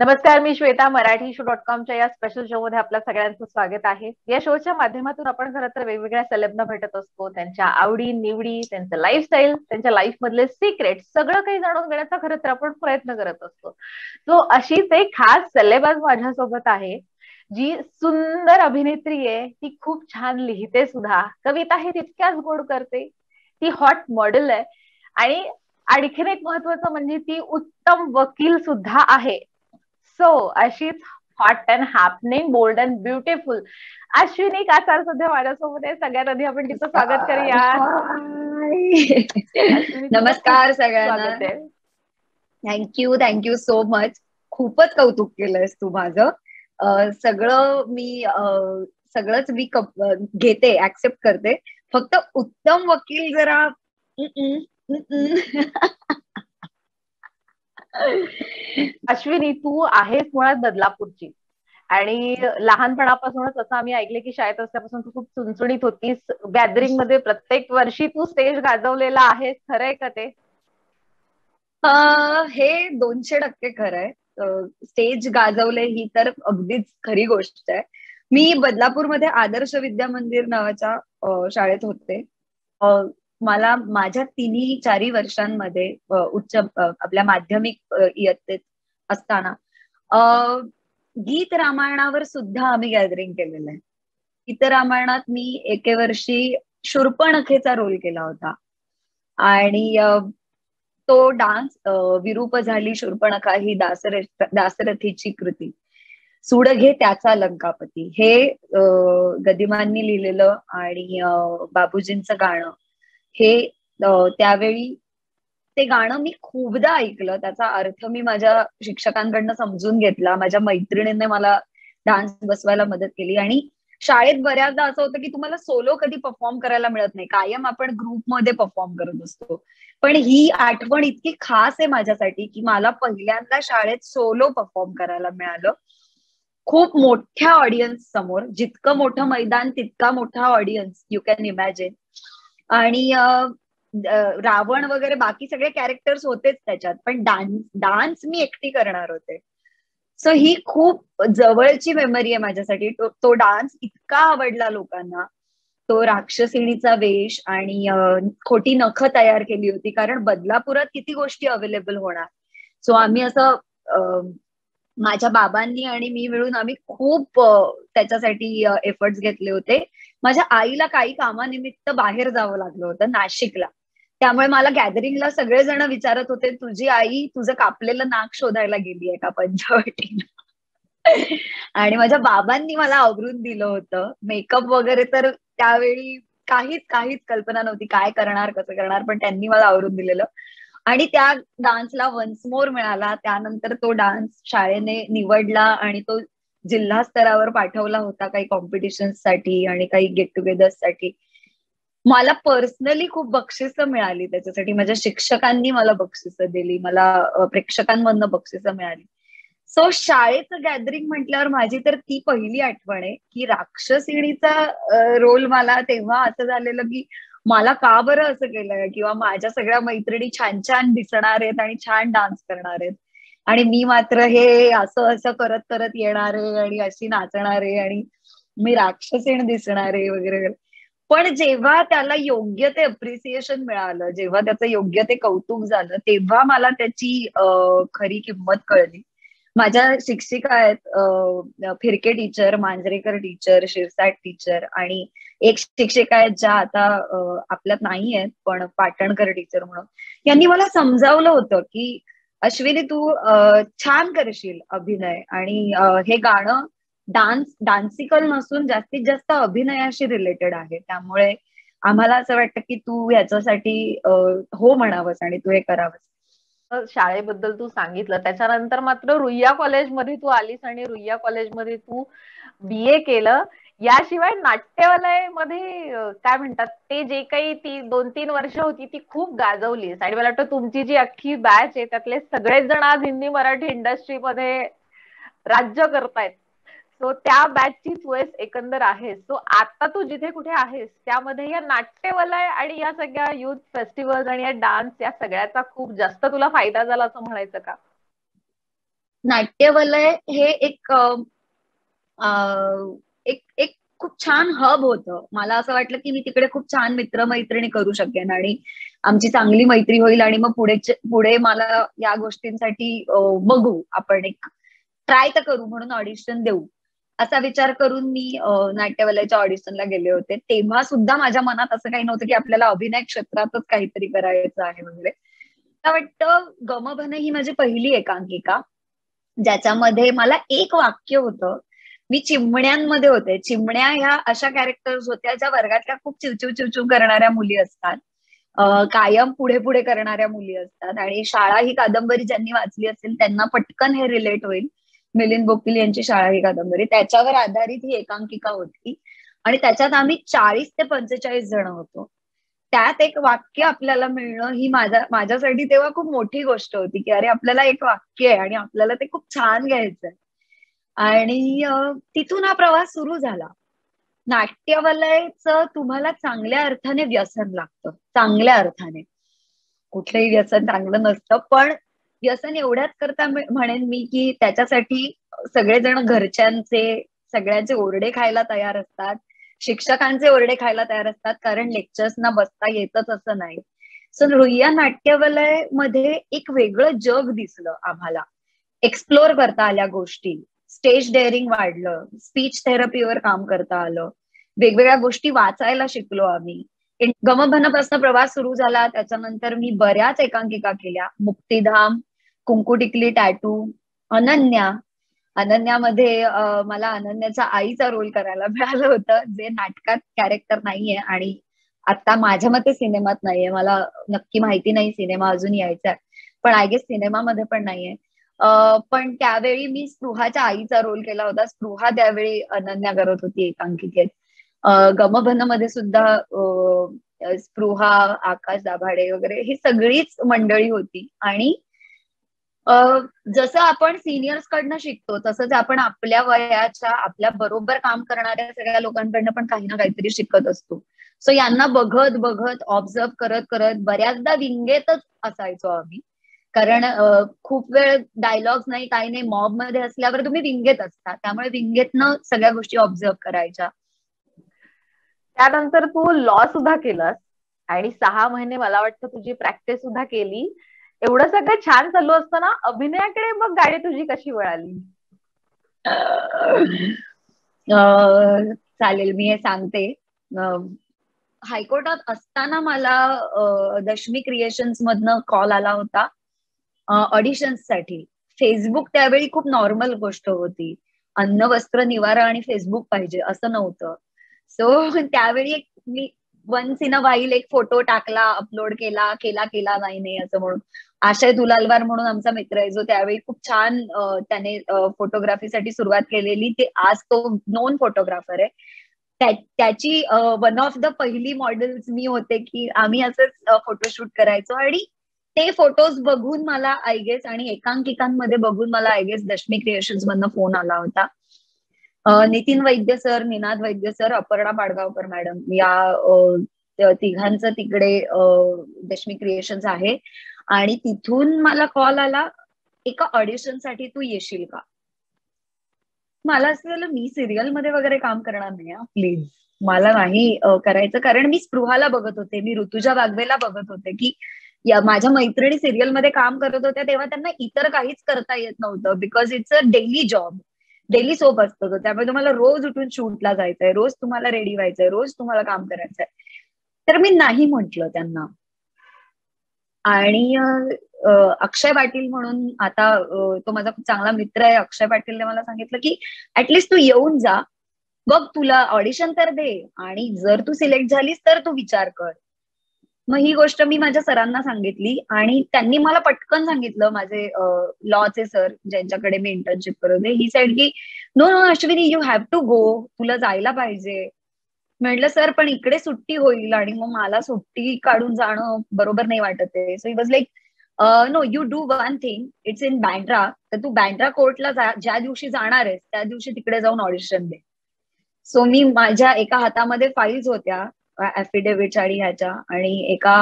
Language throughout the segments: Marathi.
नमस्कार मी श्वेता मराठी शो डॉट कॉमच्या या स्पेशल शो मध्ये आपल्या सगळ्यांचं स्वागत आहे या शोच्या माध्यमातून आपण खरं तर वेगवेगळ्या सलग्न भेटत असतो त्यांच्या आवडी निवडी त्यांचं लाईफस्टाईल त्यांच्या लाईफ मधले सिक्रेट सगळं काही जाणून घेण्याचा खरं तर आपण प्रयत्न करत असतो सो अशीच एक खास सलेबाज माझ्यासोबत आहे जी सुंदर अभिनेत्री आहे ती खूप छान लिहिते सुद्धा कविता हे तितक्याच गोड करते ती हॉट मॉडेल आहे आणि आणखीन एक महत्वाचं म्हणजे ती उत्तम वकील सुद्धा आहे सो अशीच hot and happening bold and beautiful Ashwini Kasar सध्या माझ्यासोबत आहे सगळ्यात आधी आपण तिचं स्वागत करूया नमस्कार सगळ्यांना थँक्यू थँक्यू सो मच खूपच कौतुक केलंयस तू माझं सगळं मी सगळंच मी घेते ऍक्सेप्ट करते फक्त उत्तम वकील जरा अश्विनी तू आहेस मुळात बदलापूरची आणि लहानपणापासूनच असं आम्ही ऐकले की शाळेत असल्यापासून तू खूप चुणचुणीत होतीस गॅदरिंग मध्ये प्रत्येक वर्षी तू स्टेज गाजवलेला आहेस खरंय का ते हे दोनशे टक्के खरंय स्टेज गाजवले ही तर अगदीच खरी गोष्ट आहे मी बदलापूरमध्ये आदर्श विद्या मंदिर नावाच्या शाळेत होते मला माझ्या तिन्ही चारही वर्षांमध्ये उच्च आपल्या माध्यमिक इयत्तेत असताना गीत रामायणावर सुद्धा आम्ही गॅदरिंग केलेलं आहे गीत रामायणात मी एके वर्षी शूर्पणखेचा रोल केला होता आणि तो डान्स विरूप झाली शूर्पणखा ही दासर दासरथीची कृती सुड घे त्याचा लंकापती हे गदिमांनी लिहिलेलं आणि बाबूजींचं गाणं हे त्यावेळी ते गाणं मी खूपदा ऐकलं त्याचा अर्थ मी माझ्या शिक्षकांकडनं समजून घेतला माझ्या मैत्रिणींनी मला डान्स बसवायला मदत केली आणि शाळेत बऱ्याचदा असं होतं की तुम्हाला सोलो कधी परफॉर्म करायला मिळत नाही कायम आपण ग्रुपमध्ये परफॉर्म करत असतो पण ही आठवण इतकी खास आहे माझ्यासाठी की मला पहिल्यांदा शाळेत सोलो परफॉर्म करायला मिळालं खूप मोठ्या ऑडियन्स समोर जितकं मोठं मैदान तितका मोठा ऑडियन्स यू कॅन इमॅजिन आणि रावण वगैरे बाकी सगळे कॅरेक्टर्स होतेच त्याच्यात पण डान्स डान्स मी एकटी करणार होते सो ही खूप जवळची मेमरी आहे माझ्यासाठी तो डान्स इतका आवडला लोकांना तो राक्षसिणीचा वेश आणि खोटी नख तयार केली होती कारण बदलापुरात किती गोष्टी अवेलेबल होणार सो आम्ही असं माझ्या बाबांनी आणि मी मिळून आम्ही खूप त्याच्यासाठी एफर्ट्स घेतले होते माझ्या आईला काही कामानिमित्त बाहेर जावं लागलं होतं नाशिकला त्यामुळे मला गॅदरिंगला सगळेजण विचारत होते तुझी आई तुझं कापलेलं नाक शोधायला गेली आहे का पंचवटीनं आणि माझ्या बाबांनी मला आवरून दिलं होतं मेकअप वगैरे तर त्यावेळी काहीच काहीच कल्पना नव्हती काय करणार कसं करणार पण त्यांनी मला आवरून दिलेलं आणि त्या डान्सला वन्स मोर मिळाला त्यानंतर तो डान्स शाळेने निवडला आणि तो जिल्हा स्तरावर पाठवला होता काही कॉम्पिटिशनसाठी आणि काही गेट साठी मला पर्सनली खूप बक्षिस मिळाली त्याच्यासाठी माझ्या शिक्षकांनी मला बक्षिस दिली मला प्रेक्षकांमधनं बक्षिस मिळाली सो शाळेचं गॅदरिंग म्हटल्यावर माझी तर ती पहिली आठवण आहे की राक्षसिणीचा रोल मला तेव्हा असं झालेलं की मला का बरं असं केलं किंवा माझ्या सगळ्या मैत्रिणी छान छान दिसणार आहेत आणि छान डान्स करणार आहेत आणि मी मात्र हे असं असं करत करत येणारे आणि अशी नाचणारे आणि मी राक्षसेन दिसणारे वगैरे वगैरे पण जेव्हा त्याला योग्य ते अप्रिसिएशन मिळालं जेव्हा त्याचं योग्य ते कौतुक झालं तेव्हा मला त्याची खरी किंमत कळली माझ्या शिक्षिका आहेत Phirke teacher Manjrekar teacher Shirsat teacher आणि एक शिक्षिका आहेत ज्या आता आपल्यात नाही आहेत पण पाटणकर टीचर म्हणून यांनी मला समजावलं होतं की अश्विनी तू छान करशील अभिनय आणि हे गाणं डान्स डान्सिकल नसून जास्तीत जास्त अभिनयाशी रिलेटेड आहे त्यामुळे आम्हाला असं वाटतं की तू याच्यासाठी हो म्हणावंस आणि तू हे करावंस शाळेबद्दल तू सांगितलं त्याच्यानंतर मात्र रुईया कॉलेजमध्ये तू आलीस आणि रुईया कॉलेजमध्ये तू बी ए केलं याशिवाय मध्ये काय म्हणतात ते जे काही ती दोन तीन वर्ष होती ती खूप गाजवली आणि मला वाटतं तुमची जी अख्खी बॅच आहे त्यातले सगळेच जण आज हिंदी मराठी इंडस्ट्रीमध्ये राज्य करतायत सो त्या बॅचची चॉईस एकंदर आहे सो आता तू जिथे कुठे आहेस त्यामध्ये या नाट्यवलय आणि या सगळ्या युथ फेस्टिवल्स आणि या डान्स या सगळ्याचा खूप जास्त तुला फायदा झाला असं म्हणायचं का नाट्यवलय हे एक एक एक खूप छान हब होतं मला असं वाटलं की मी तिकडे खूप छान मित्रमैत्रिणी करू शकेन आणि आमची चांगली मैत्री होईल आणि मग पुढे पुढे मला या गोष्टींसाठी बघू आपण एक ट्राय तर करू म्हणून ऑडिशन देऊ असा विचार करून मी नाट्यवलयाच्या ऑडिशनला गेले होते तेव्हा सुद्धा माझ्या मनात असं काही नव्हतं की आपल्याला अभिनय क्षेत्रातच काहीतरी करायचं आहे वगैरे मला वाटतं गमभन ही माझी पहिली एकांकिका ज्याच्यामध्ये मला एक वाक्य होतं मी चिमण्यांमध्ये होते चिमण्या ह्या अशा कॅरेक्टर्स होत्या ज्या वर्गातल्या खूप चिवचिव चिवचिव करणाऱ्या मुली असतात कायम पुढे पुढे करणाऱ्या मुली असतात आणि शाळा ही कादंबरी ज्यांनी वाचली असेल त्यांना पटकन हे रिलेट होईल मिलिंद बोकील यांची शाळा ही कादंबरी त्याच्यावर आधारित ही एकांकिका होती आणि त्याच्यात आम्ही चाळीस ते पंचेचाळीस जण होतो त्यात एक वाक्य आपल्याला मिळणं ही माझ्या माझ्यासाठी तेव्हा खूप मोठी गोष्ट होती की अरे आपल्याला एक वाक्य आहे आणि आपल्याला ते खूप छान घ्यायचंय आणि तिथून हा प्रवास सुरू झाला नाट्यवलयच तुम्हाला चांगल्या अर्थाने व्यसन लागतं चांगल्या अर्थाने कुठलंही व्यसन चांगलं नसतं पण व्यसन एवढ्याच करता म्हणेन मी की त्याच्यासाठी सगळेजण घरच्यांचे सगळ्यांचे ओरडे खायला तयार असतात शिक्षकांचे ओरडे खायला तयार असतात कारण लेक्चर्सना बसता येतच असं नाही सो रुईया नाट्यवलय मध्ये एक वेगळं जग दिसलं आम्हाला एक्सप्लोअर करता आल्या गोष्टी स्टेज डेअरिंग वाढलं स्पीच थेरपीवर काम करता आलं वेगवेगळ्या गोष्टी वाचायला शिकलो आम्ही गमभनपासून प्रवास सुरू झाला त्याच्यानंतर मी बऱ्याच एकांकिका केल्या मुक्तीधाम कुंकू टॅटू अनन्या अनन्यामध्ये मला अनन्याचा आईचा रोल करायला मिळालं होतं जे नाटकात कॅरेक्टर नाहीये आणि आता माझ्या मते सिनेमात नाहीये मला नक्की माहिती नाही सिनेमा अजून यायचा पण आय गेस सिनेमामध्ये पण नाहीये पण त्यावेळी मी स्पृहाच्या आईचा रोल केला होता स्पृहा त्यावेळी अनन्या करत होती एकांकिकेत मध्ये सुद्धा स्पृहा आकाश दाभाडे वगैरे ही सगळीच मंडळी होती आणि जसं आपण सिनियर्स कडनं शिकतो तसंच आपण आपल्या वयाच्या आपल्या बरोबर काम करणाऱ्या सगळ्या लोकांकडनं पण काही ना काहीतरी शिकत असतो सो यांना बघत बघत ऑब्झर्व करत करत बऱ्याचदा विंगेतच असायचो आम्ही कारण खूप वेळ डायलॉग्स नाही काही नाही मॉब मध्ये असल्यावर तुम्ही विंगेत असता त्यामुळे विंगेतनं सगळ्या गोष्टी ऑब्झर्व करायच्या त्यानंतर तू लॉ सुद्धा केलास आणि सहा महिने मला वाटतं तुझी प्रॅक्टिस सुद्धा केली एवढं सगळं छान चालू असताना अभिनयाकडे मग गाडी तुझी कशी वळाली चालेल मी हे सांगते हायकोर्टात असताना मला दशमी क्रिएशन्स मधनं कॉल आला होता ऑडिशन्ससाठी फेसबुक त्यावेळी खूप नॉर्मल गोष्ट होती अन्न वस्त्र निवारा आणि फेसबुक पाहिजे असं नव्हतं सो त्यावेळी एक मी वन्स इन अ वाईल एक फोटो टाकला अपलोड केला केला केला नाही नाही असं म्हणून आशय दुलालवार म्हणून आमचा मित्र आहे जो त्यावेळी खूप छान त्याने फोटोग्राफीसाठी सुरुवात केलेली ते आज तो नॉन फोटोग्राफर आहे त्याची वन ऑफ द पहिली मॉडेल्स मी होते की आम्ही असंच फोटोशूट करायचो आणि ते फोटोज बघून मला आय गेस आणि एकांकिकांमध्ये बघून मला आय गेस दशमी क्रिएशन्स मधनं फोन आला होता Nitin Vaidya sir Ninad Vaidya sir Aparna Padgaonkar madam या तिघांचं तिकडे दशमी क्रिएशन्स आहे आणि तिथून मला कॉल आला एका ऑडिशनसाठी तू येशील का मला असं झालं मी सिरियल मध्ये वगैरे काम करणार नाही प्लीज मला नाही करायचं कारण मी स्पृहाला बघत होते मी ऋतुजा बागवेला बघत होते की या माझ्या मैत्रिणी सिरियल मध्ये काम करत होत्या तेव्हा त्यांना इतर काहीच करता येत नव्हतं because it's a daily job daily soap असतो त्यामुळे तुम्हाला रोज उठून शूटला जायचंय रोज तुम्हाला रेडी व्हायचंय रोज तुम्हाला काम करायचंय तर मी नाही म्हंटल त्यांना आणि अक्षय पाटील म्हणून आता तो माझा खूप चांगला मित्र आहे अक्षय पाटीलने मला सांगितलं की ऍटलिस्ट तू येऊन जा बघ तुला ऑडिशन तर दे आणि जर तू सिलेक्ट झालीस तर तू विचार कर मग ही गोष्ट मी माझ्या सरांना सांगितली आणि त्यांनी मला पटकन सांगितलं माझे लॉचे सर ज्यांच्याकडे मी इंटर्नशिप करत ही साईड की no no Ashwini you have to go तुला जायला पाहिजे म्हटलं सर पण इकडे सुट्टी होईल आणि मग मला सुट्टी काढून जाणं बरोबर नाही वाटत आहे so he was like no you do one thing it's in Bandra तर तू बँड्रा कोर्टला ज्या दिवशी जाणार आहेस त्या दिवशी तिकडे जाऊन ऑडिशन दे सो मी माझ्या एका हातामध्ये फाईल्स होत्या ऍफिडेव्हिट आणि ह्याच्या आणि एका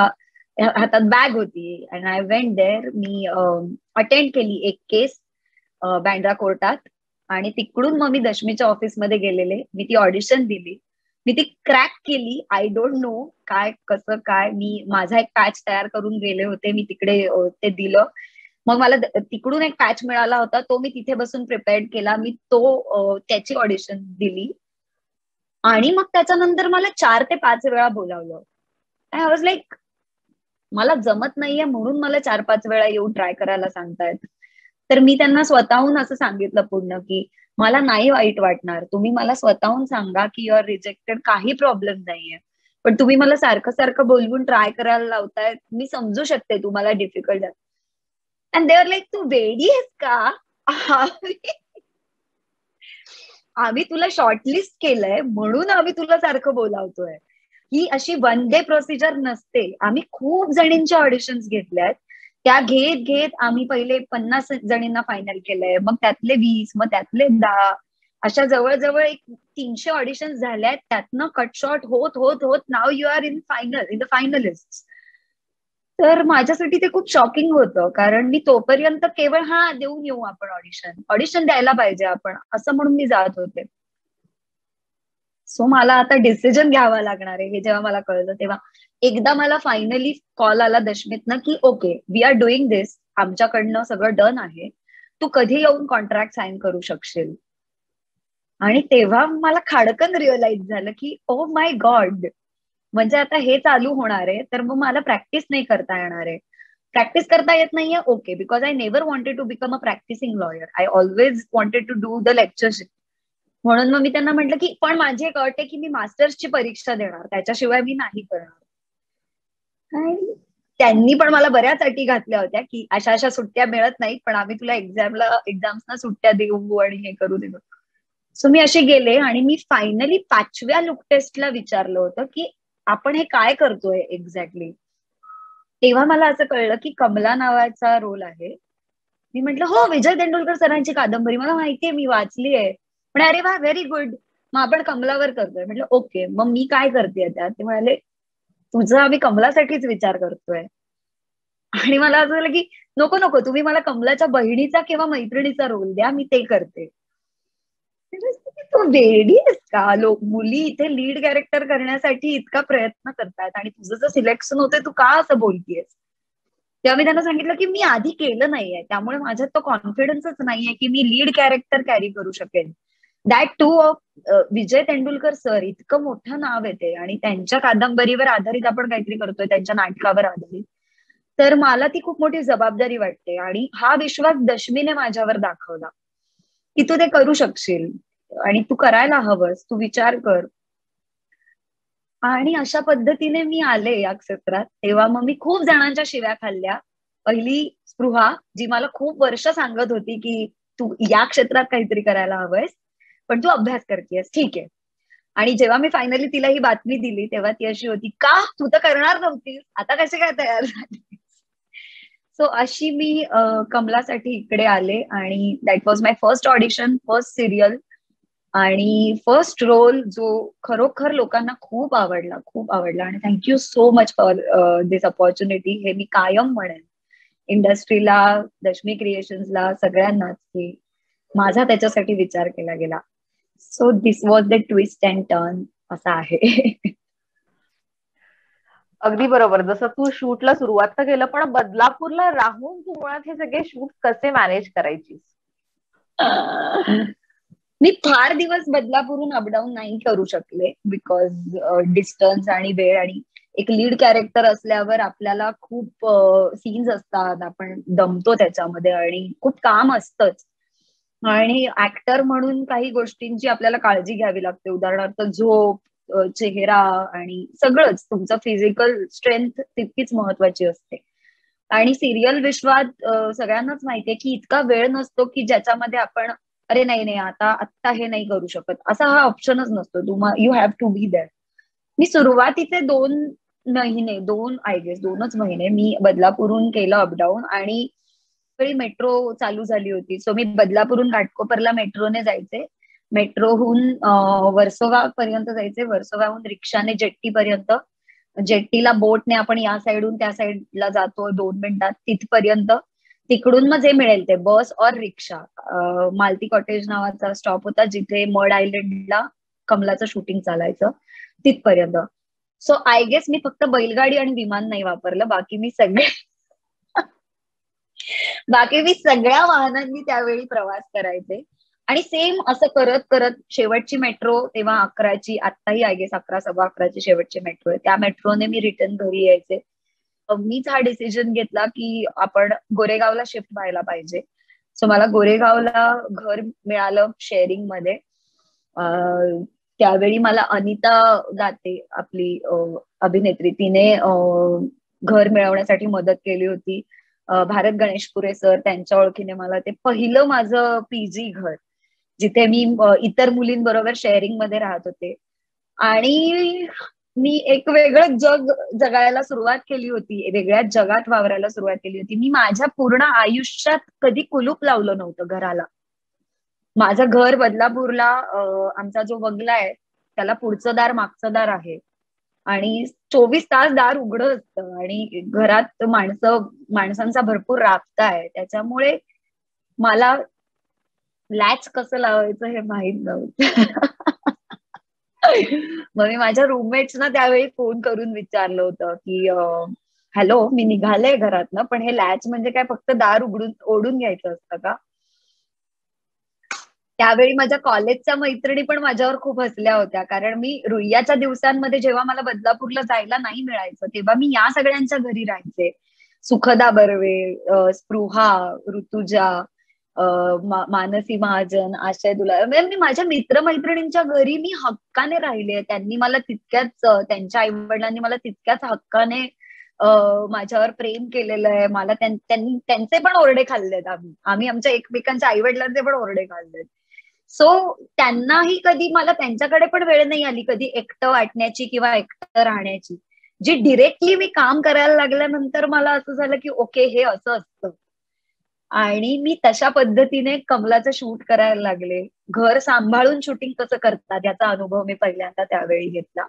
हातात बॅग होती अँड आय वेंट देअर मी अटेंड केली एक केस बँड्रा कोर्टात आणि तिकडून मग मी दशमीच्या ऑफिसमध्ये गेलेले मी ती ऑडिशन दिली मी ती क्रॅक केली आय डोंट नो काय कसं काय मी माझा एक पॅच तयार करून गेले होते मी तिकडे ते दिलं मग मला तिकडून एक पॅच मिळाला होता तो मी तिथे बसून प्रिपेअर्ड केला मी तो त्याची ऑडिशन दिली आणि मग त्याच्यानंतर मला चार ते पाच वेळा बोलावलं आय वॉज लाईक मला जमत नाहीये म्हणून मला चार पाच वेळा येऊन ट्राय करायला सांगतायत तर मी त्यांना स्वतःहून असं सांगितलं पूर्ण की मला नाही वाईट वाटणार तुम्ही मला स्वतःहून सांगा की युआर रिजेक्टेड काही प्रॉब्लेम नाहीये पण तुम्ही मला सारखं सारखं बोलवून ट्राय करायला लावताय मी समजू शकते तुम्हाला डिफिकल्ट अँड देअर लाईक तू वेडी आहेस का आम्ही तुला शॉर्टलिस्ट केलंय म्हणून आम्ही तुला सारखं बोलावतोय ही अशी वन डे प्रोसिजर नसते आम्ही खूप जणींच्या ऑडिशन्स घेतल्यात त्या घेत घेत आम्ही पहिले पन्नास जणींना फायनल केलंय मग त्यातले वीस मग त्यातले दहा अशा जवळजवळ एक तीनशे ऑडिशन्स झाल्यात त्यातनं कट शॉर्ट होत होत होत नाव you are in final in the finalist तर माझ्यासाठी ते खूप शॉकिंग होतं कारण मी तोपर्यंत केवळ हा देऊन येऊ आपण ऑडिशन ऑडिशन द्यायला पाहिजे आपण असं म्हणून मी जात होते सो मला आता डिसिजन घ्यावा लागणार आहे हे जेव्हा मला कळलं तेव्हा एकदा मला फायनली कॉल आला दशमीतनं की okay we are doing this आमच्याकडनं सगळं डन आहे तू कधी येऊन कॉन्ट्रॅक्ट साईन करू शकशील आणि तेव्हा मला खाडकन रिअलाइज झालं की ओ माय गॉड म्हणजे आता हे चालू होणार आहे तर मग मला प्रॅक्टिस नाही करता येणार आहे प्रॅक्टिस करता येत नाहीये okay because I never wanted to become a practising lawyer I always wanted to do the lectureship म्हणून मग मी त्यांना म्हटलं की पण माझी एक अट आहे की मी मास्टर्सची परीक्षा देणार त्याच्याशिवाय मी नाही करणार त्यांनी पण मला बऱ्याच अटी घातल्या होत्या की अशा अशा सुट्ट्या मिळत नाहीत पण आम्ही तुला एक्झामला एक्झाम्सना सुट्ट्या देऊ आणि हे करू देऊ सो मी असे गेले आणि मी फायनली पाचव्या लुक टेस्टला विचारलं होतं की आपण हे काय करतोय एक्झॅक्टली तेव्हा मला असं कळलं की कमला नावाचा रोल आहे मी म्हटलं हो विजय तेंडुलकर सरांची कादंबरी मला माहितीये मी वाचली आहे पण अरे वा व्हेरी गुड मग आपण कमलावर करतोय म्हटलं ओके मग मी काय करते त्यात ते म्हणाले तुझं आम्ही कमलासाठीच विचार करतोय आणि मला असं झालं की नको नको तुम्ही मला कमलाच्या बहिणीचा किंवा मैत्रिणीचा रोल द्या मी ते करते तू रेडी आहेस का लोक मुली इथे लीड कॅरेक्टर करण्यासाठी इतका प्रयत्न करतात आणि तुझं जर सिलेक्शन होतंय तू का असं बोलतीयस तेव्हा मी त्यांना सांगितलं की मी आधी केलं नाहीये त्यामुळे माझ्यात तो कॉन्फिडन्सच नाहीये की मी लीड कॅरेक्टर कॅरी करू शकेन that too of Vijay Tendulkar sir इतकं मोठं नाव येते आणि त्यांच्या कादंबरीवर आधारित आपण काहीतरी करतोय त्यांच्या नाटकावर आधारित तर मला ती खूप मोठी जबाबदारी वाटते आणि हा विश्वास दशमीने माझ्यावर दाखवला की तू ते करू शकशील आणि तू करायला हवंस तू विचार कर आणि अशा पद्धतीने मी आले या क्षेत्रात तेव्हा मग मी खूप जणांच्या शिव्या खाल्ल्या पहिली स्पृहा जी मला खूप वर्ष सांगत होती की तू या क्षेत्रात काहीतरी करायला हवंयस पण तू अभ्यास करतेस ठीक आहे आणि जेव्हा मी फायनली तिला ही बातमी दिली तेव्हा ती अशी होती का तू तर करणार नव्हती आता कसे काय तयार झाली सो अशी मी कमलासाठी इकडे आले आणि that was my first audition first serial आणि फर्स्ट रोल जो खरोखर लोकांना खूप आवडला खूप आवडला आणि thank you so much for this opportunity हे मी कायम म्हणेन इंडस्ट्रीला दशमी क्रिएशन्सला सगळ्यांनाच की माझा त्याच्यासाठी विचार केला गेला so this was the twist and turn असा आहे अगदी बरोबर जसं तू शूटला सुरुवात तर केलं पण बदलापूरला राहून तू मुळात हे सगळे शूट कसे मॅनेज करायची मी फार दिवस बदलापूरून अपडाऊन नाही करू शकले बिकॉज डिस्टन्स आणि वेळ आणि एक लीड कॅरेक्टर असल्यावर आपल्याला खूप सीन्स असतात आपण दमतो त्याच्यामध्ये आणि खूप काम असतंच आणि ऍक्टर म्हणून काही गोष्टींची आपल्याला काळजी घ्यावी लागते उदाहरणार्थ झोप चेहरा आणि सगळंच तुमचं फिजिकल स्ट्रेंथ तितकीच महत्वाची असते आणि सिरियल विश्वात सगळ्यांनाच माहितीये की इतका वेळ नसतो की ज्याच्यामध्ये आपण अरे नाही नाही आता आत्ता हे नाही करू शकत असा हा ऑप्शनच नसतो you have to be that मी सुरुवातीचे दोन महिने दोन आय गेस दोनच महिने मी बदलापूरून केलं अपडाऊन आणि मेट्रो चालू झाली होती सो मी बदलापूरून घाटकोपरला मेट्रोने जायचे मेट्रोहून वर्सोवा पर्यंत जायचे वर्सोवाहून रिक्षाने जेट्टी पर्यंत जेट्टीला बोटने आपण या साईडहून त्या साईडला जातो दोन मिनिटात तिथपर्यंत तिकडून मग जे मिळेल ते बस और रिक्षा मालती कॉटेज नावाचा स्टॉप होता जिथे मड आयलंडला कमलाचं शूटिंग चालायचं तिथपर्यंत सो आय गेस मी फक्त बैलगाडी आणि विमान नाही वापरलं बाकी मी सगळे बाकी मी सगळ्या वाहनांनी त्यावेळी प्रवास करायचे आणि सेम असं करत करत शेवटची मेट्रो तेव्हा अकराची आत्ताही आय अकरा सव्वा अकराची शेवटची मेट्रो आहे त्या मेट्रोने मी रिटर्न घरी यायचे मीच हा डिसिजन घेतला की आपण गोरेगावला शिफ्ट व्हायला पाहिजे सो मला गोरेगावला घर मिळालं शेअरिंग मध्ये त्यावेळी मला अनिता दाते आपली अभिनेत्री तिने घर मिळवण्यासाठी मदत केली होती भारत गणेशपुरे सर त्यांच्या ओळखीने मला ते पहिलं माझं पीजी घर जिथे मी इतर मुलींबरोबर शेअरिंग मध्ये राहत होते आणि मी एक वेगळं जग जगायला सुरुवात केली होती वेगळ्या जगात वावरायला सुरुवात केली होती मी माझ्या पूर्ण आयुष्यात कधी कुलूप लावलं नव्हतं घराला माझं घर बदलापूरला आमचा जो बंगला आहे त्याला पुढचं दार मागचं दार आहे आणि चोवीस तास दार उघडं असतं आणि घरात माणसं माणसांचा भरपूर राबता आहे त्याच्यामुळे मला लॅच कसं लावायचं हे माहीत नव्हतं मग मी माझ्या ना त्यावेळी फोन करून विचारलं होतं की हॅलो मी निघाले घरातनं पण हे लॅच म्हणजे काय फक्त दार उघडून ओढून घ्यायचं असतं का त्यावेळी माझ्या कॉलेजच्या मैत्रिणी पण माझ्यावर खूप हसल्या होत्या कारण मी रुईयाच्या दिवसांमध्ये जेव्हा मला बदलापूरला जायला नाही मिळायचं तेव्हा मी या सगळ्यांच्या घरी राहायचे सुखदा बर्वे स्पृहा ऋतुजा मानसी महाजन आशय दुला म्हणजे मी माझ्या मित्रमैत्रिणींच्या घरी मी हक्काने राहिले त्यांनी मला तितक्याच त्यांच्या आई वडिलांनी मला तितक्याच हक्काने माझ्यावर प्रेम केलेलं आहे मला त्यांचे पण ओरडे खाल्लेत आम्ही आम्ही आमच्या एकमेकांच्या आई वडिलांचे पण ओरडे खाल्लेत सो त्यांनाही कधी मला त्यांच्याकडे पण वेळ नाही आली कधी एकटं वाटण्याची किंवा एकटं राहण्याची जी डिरेक्टली मी काम करायला लागल्यानंतर मला असं झालं की ओके हे असं असतं आणि मी तशा पद्धतीने कमलाचं शूट करायला लागले घर सांभाळून शूटिंग कसं करतात याचा अनुभव मी पहिल्यांदा त्यावेळी घेतला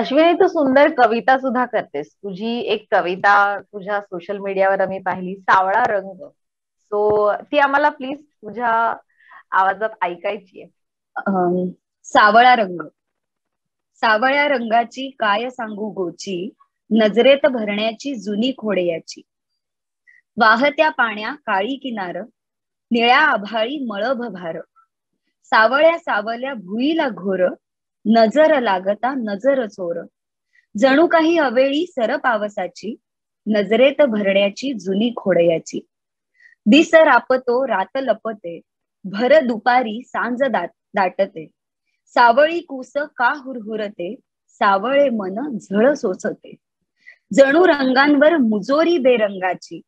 अश्विनी तू सुंदर कविता सुद्धा करतेस तुझी एक कविता तुझ्या सोशल मीडियावर आम्ही पाहिली सावळा रंग सो ती आम्हाला प्लीज तुझ्या आवाजात ऐकायची आहे सावळा रंग सावळ्या रंगाची काय सांगू गोची नजरेत भरण्याची जुनी याची वाहत्या पाण्या काळी किनार निळ्या आभाळी मळभ भार सावळ्या सावल्या भुईला घोर नजर लागता नजर चोर जणू काही अवेळी सर पावसाची नजरेत भरण्याची जुनी खोडयाची दिस रापतो रात लपते भर दुपारी सांज दाट दाटते सावळी कुस का हुरहुरते सावळे मन झळ सोचते जणू रंगांवर मुजोरी बेरंगाची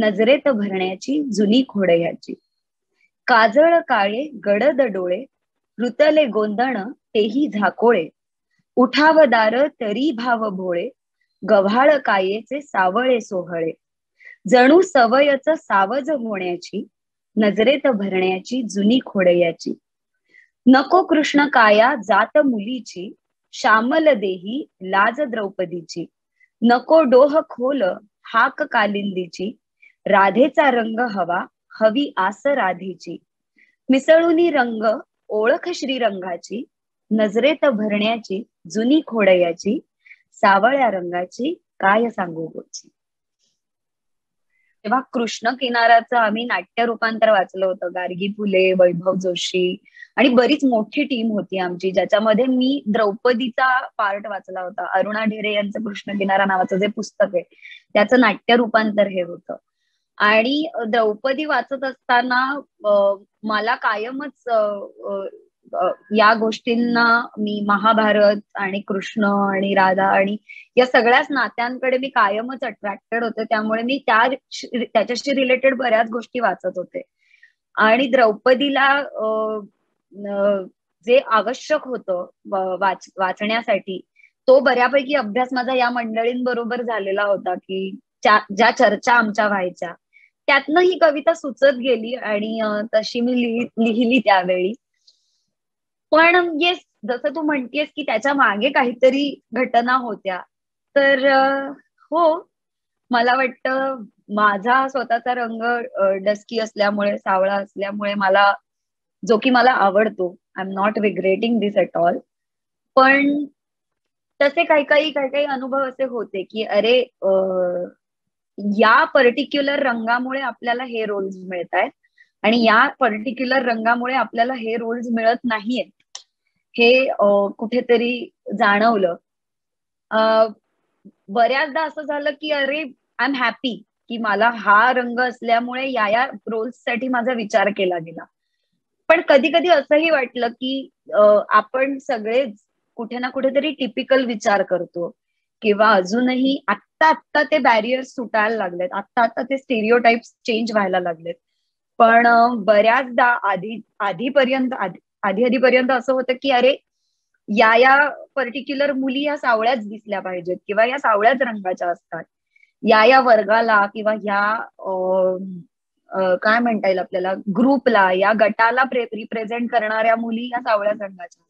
नजरेत भरण्याची जुनी खोडयाची काजळ काळे गडद डोळे रुतले गोंदण तेही झाकोळे उठावदार तरी भाव भोळे गव्हाळ कायेचे सावळे सोहळे जणू सवयच सावज होण्याची नजरेत भरण्याची जुनी खोडयाची नको कृष्ण काया जात मुलीची श्यामल देही लाज द्रौपदीची नको डोह खोल हाक कालिंदीची राधेचा रंग हवा हवी आस राधेची मिसळूनी रंग ओळख श्रीरंगाची नजरेत भरण्याची जुनी खोडयाची सावळ्या रंगाची काय सांगू गोची तेव्हा कृष्ण किनाराचं आम्ही नाट्य रूपांतर वाचलं होतं गार्गी फुले वैभव जोशी आणि बरीच मोठी टीम होती आमची ज्याच्यामध्ये मी द्रौपदीचा पार्ट वाचला होता अरुणा ढेरे यांचं कृष्ण किनारा नावाचं जे पुस्तक आहे त्याचं नाट्य रूपांतर हे होतं आणि द्रौपदी वाचत असताना मला कायमच या गोष्टींना मी महाभारत आणि कृष्ण आणि राधा आणि या सगळ्याच नात्यांकडे मी कायमच अट्रॅक्टेड होते त्यामुळे मी त्या त्याच्याशी रिलेटेड बऱ्याच गोष्टी वाचत होते आणि द्रौपदीला जे आवश्यक होतं वाच वाचण्यासाठी तो बऱ्यापैकी अभ्यास माझा या मंडळींबरोबर झालेला होता की ज्या चर्चा आमच्या व्हायच्या त्यातनं ही कविता सुचत गेली आणि तशी मी लिहिली त्यावेळी पण येस जसं तू म्हणतेस की त्याच्या मागे काहीतरी घटना होत्या तर हो मला वाटतं माझा स्वतःचा रंग डस्की असल्यामुळे सावळा असल्यामुळे मला जो की मला आवडतो I am not regretting this at all पण तसे काही काही काही काही अनुभव असे होते की अरे या पर्टिक्युलर रंगामुळे आपल्याला हे रोल्स मिळत आहेत आणि या पर्टिक्युलर रंगामुळे आपल्याला हे रोल्स मिळत नाहीयेत हे कुठेतरी जाणवलं बऱ्याचदा असं झालं की अरे आय एम हॅपी की मला हा रंग असल्यामुळे या या रोल्ससाठी माझा विचार केला गेला पण कधी कधी असंही वाटलं की आपण सगळेच कुठे ना कुठेतरी टिपिकल विचार करतो किंवा अजूनही आत्ता आत्ता ते बॅरियर्स सुटायला लागलेत आत्ता आत्ता ते स्टेरिओ चेंज व्हायला लागलेत पण बऱ्याचदा आधी आधीपर्यंत आधी आधीपर्यंत असं होतं की अरे या या पर्टिक्युलर मुली या सावळ्याच दिसल्या पाहिजेत किंवा या सावळ्याच रंगाच्या असतात या या वर्गाला किंवा ह्या काय म्हणता येईल आपल्याला ग्रुपला या गटाला रिप्रेझेंट करणाऱ्या मुली या सावळ्याच रंगाच्या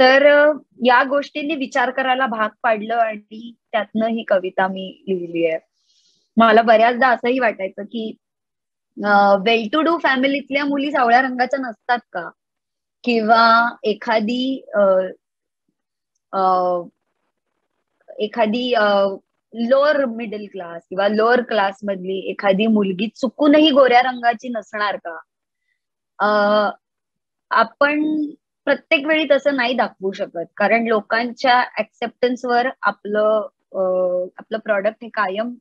तर या गोष्टींनी विचार करायला भाग पाडलं आणि त्यातनं ही कविता मी लिहिली आहे मला बऱ्याचदा असंही वाटायचं की वेल टू डू फॅमिलीतल्या मुली सावळ्या रंगाच्या नसतात का किंवा एखादी एखादी लोअर मिडल क्लास किंवा लोअर क्लास मधली एखादी मुलगी चुकूनही गोऱ्या रंगाची नसणार का आपण प्रत्येक वेळी तसं नाही दाखवू शकत कारण लोकांच्या ऍक्सेप्टन्सवर आपलं आपलं प्रॉडक्ट हे कायम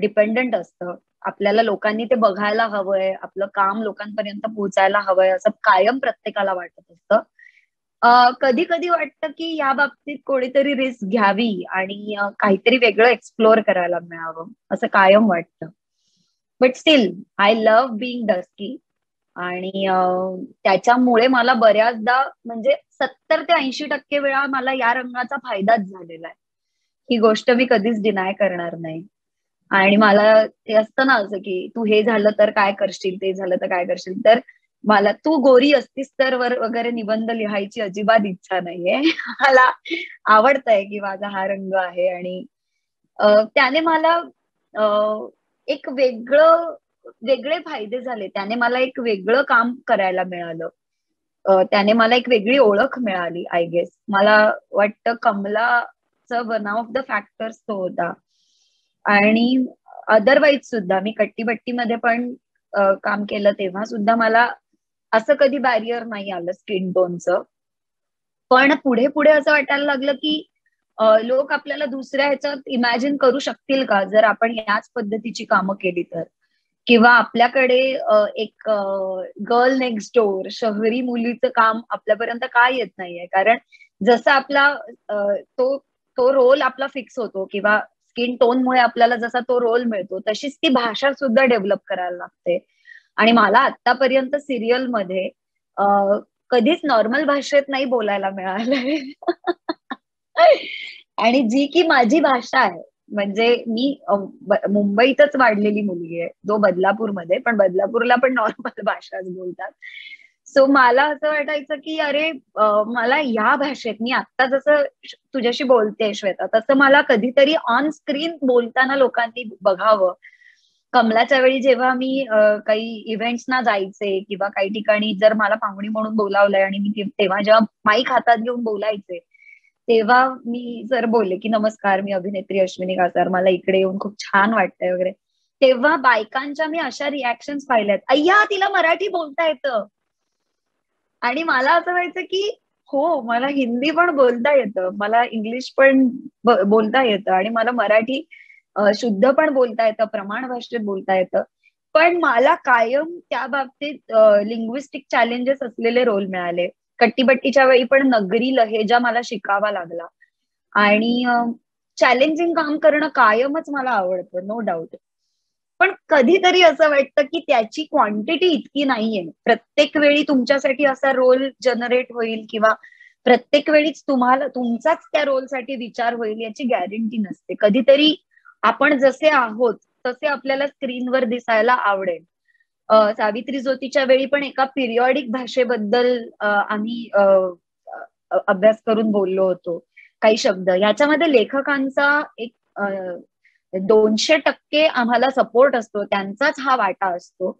डिपेंडंट असतं आपल्याला लोकांनी ते बघायला हवंय आपलं काम लोकांपर्यंत पोहोचायला हवंय असं कायम प्रत्येकाला वाटत असतं कधी कधी वाटतं की या बाबतीत कोणीतरी रिस्क घ्यावी आणि काहीतरी वेगळं एक्सप्लोअर करायला मिळावं असं कायम वाटतं but still I love being dusky आणि त्याच्यामुळे मला बऱ्याचदा म्हणजे सत्तर ते ऐंशी टक्के वेळा मला या रंगाचा फायदाच झालेला आहे ही गोष्ट मी कधीच डिनाय करणार नाही आणि मला ते असतं ना असं की तू हे झालं तर काय करशील ते झालं तर काय करशील तर मला तू गोरी असतीस तर वर वगैरे निबंध लिहायची अजिबात इच्छा नाहीये मला आवडतंय की माझा हा रंग आहे आणि त्याने मला एक वेगळं वेगळे फायदे झाले त्याने मला एक वेगळं काम करायला मिळालं त्याने मला एक वेगळी ओळख मिळाली आय गेस मला वाटतं कमलाचं वन ऑफ द फॅक्टर्स तो होता आणि अदरवाईज सुद्धा मी कट्टीबट्टीमध्ये पण काम केलं तेव्हा सुद्धा मला असं कधी बॅरियर नाही आलं स्किन टोनच पण पुढे पुढे असं वाटायला लागलं की लोक आपल्याला दुसऱ्या ह्याच्यात इमॅजिन करू शकतील का जर आपण याच पद्धतीची कामं केली तर किंवा आपल्याकडे एक गर्ल नेक्स्ट डोअर शहरी मुलीचं काम आपल्यापर्यंत काय येत नाहीये कारण जसा आपला तो तो रोल आपला फिक्स होतो किंवा स्किन टोनमुळे आपल्याला जसा तो रोल मिळतो तशीच ती भाषा सुद्धा डेव्हलप करायला लागते आणि मला आतापर्यंत सिरियल मध्ये कधीच नॉर्मल भाषेत नाही बोलायला मिळालंय आणि जी की माझी भाषा आहे म्हणजे मी मुंबईतच वाढलेली मुलगी आहे जो बदलापूरमध्ये पण बदलापूरला पण नॉर्मल भाषाच बोलतात सो मला असं वाटायचं की अरे मला या भाषेत मी आत्ता जसं तुझ्याशी बोलते श्वेता तसं मला कधीतरी ऑन स्क्रीन बोलताना लोकांनी बघावं कमलाच्या वेळी जेव्हा मी काही इव्हेंट्सना जायचे किंवा काही ठिकाणी जर मला पाहुणी म्हणून बोलावलंय आणि मी तेव्हा जेव्हा माईक हातात घेऊन बोलायचे तेव्हा मी जर बोलले की नमस्कार मी अभिनेत्री अश्विनी कासार मला इकडे येऊन खूप छान वाटतंय वगैरे तेव्हा बायकांच्या मी अशा रिॲक्शन पाहिल्यात अय्या तिला मराठी बोलता येतं आणि मला असं व्हायचं की हो मला हिंदी पण बोलता येतं मला इंग्लिश पण बोलता येतं आणि मला मराठी शुद्ध पण बोलता येतं प्रमाण भाषेत बोलता येतं पण मला कायम त्या बाबतीत लिंग्विस्टिक चॅलेंजेस असलेले रोल मिळाले कट्टीबट्टीच्या वेळी पण नगरी लहेजा मला शिकावा लागला आणि चॅलेंजिंग काम करणं कायमच मला आवडतं नो डाऊट पण कधीतरी असं वाटतं की त्याची क्वांटिटी इतकी नाहीये प्रत्येक वेळी तुमच्यासाठी असा रोल जनरेट होईल किंवा प्रत्येक वेळीच तुम्हाला तुमचाच त्या रोलसाठी विचार होईल याची गॅरंटी नसते कधीतरी आपण जसे आहोत तसे आपल्याला स्क्रीनवर दिसायला आवडेल सावित्री ज्योतीच्या वेळी पण एका पिरियॉडिक भाषेबद्दल आम्ही अभ्यास करून बोललो होतो काही शब्द याच्यामध्ये लेखकांचा एक दोनशे टक्के आम्हाला सपोर्ट असतो त्यांचाच हा वाटा असतो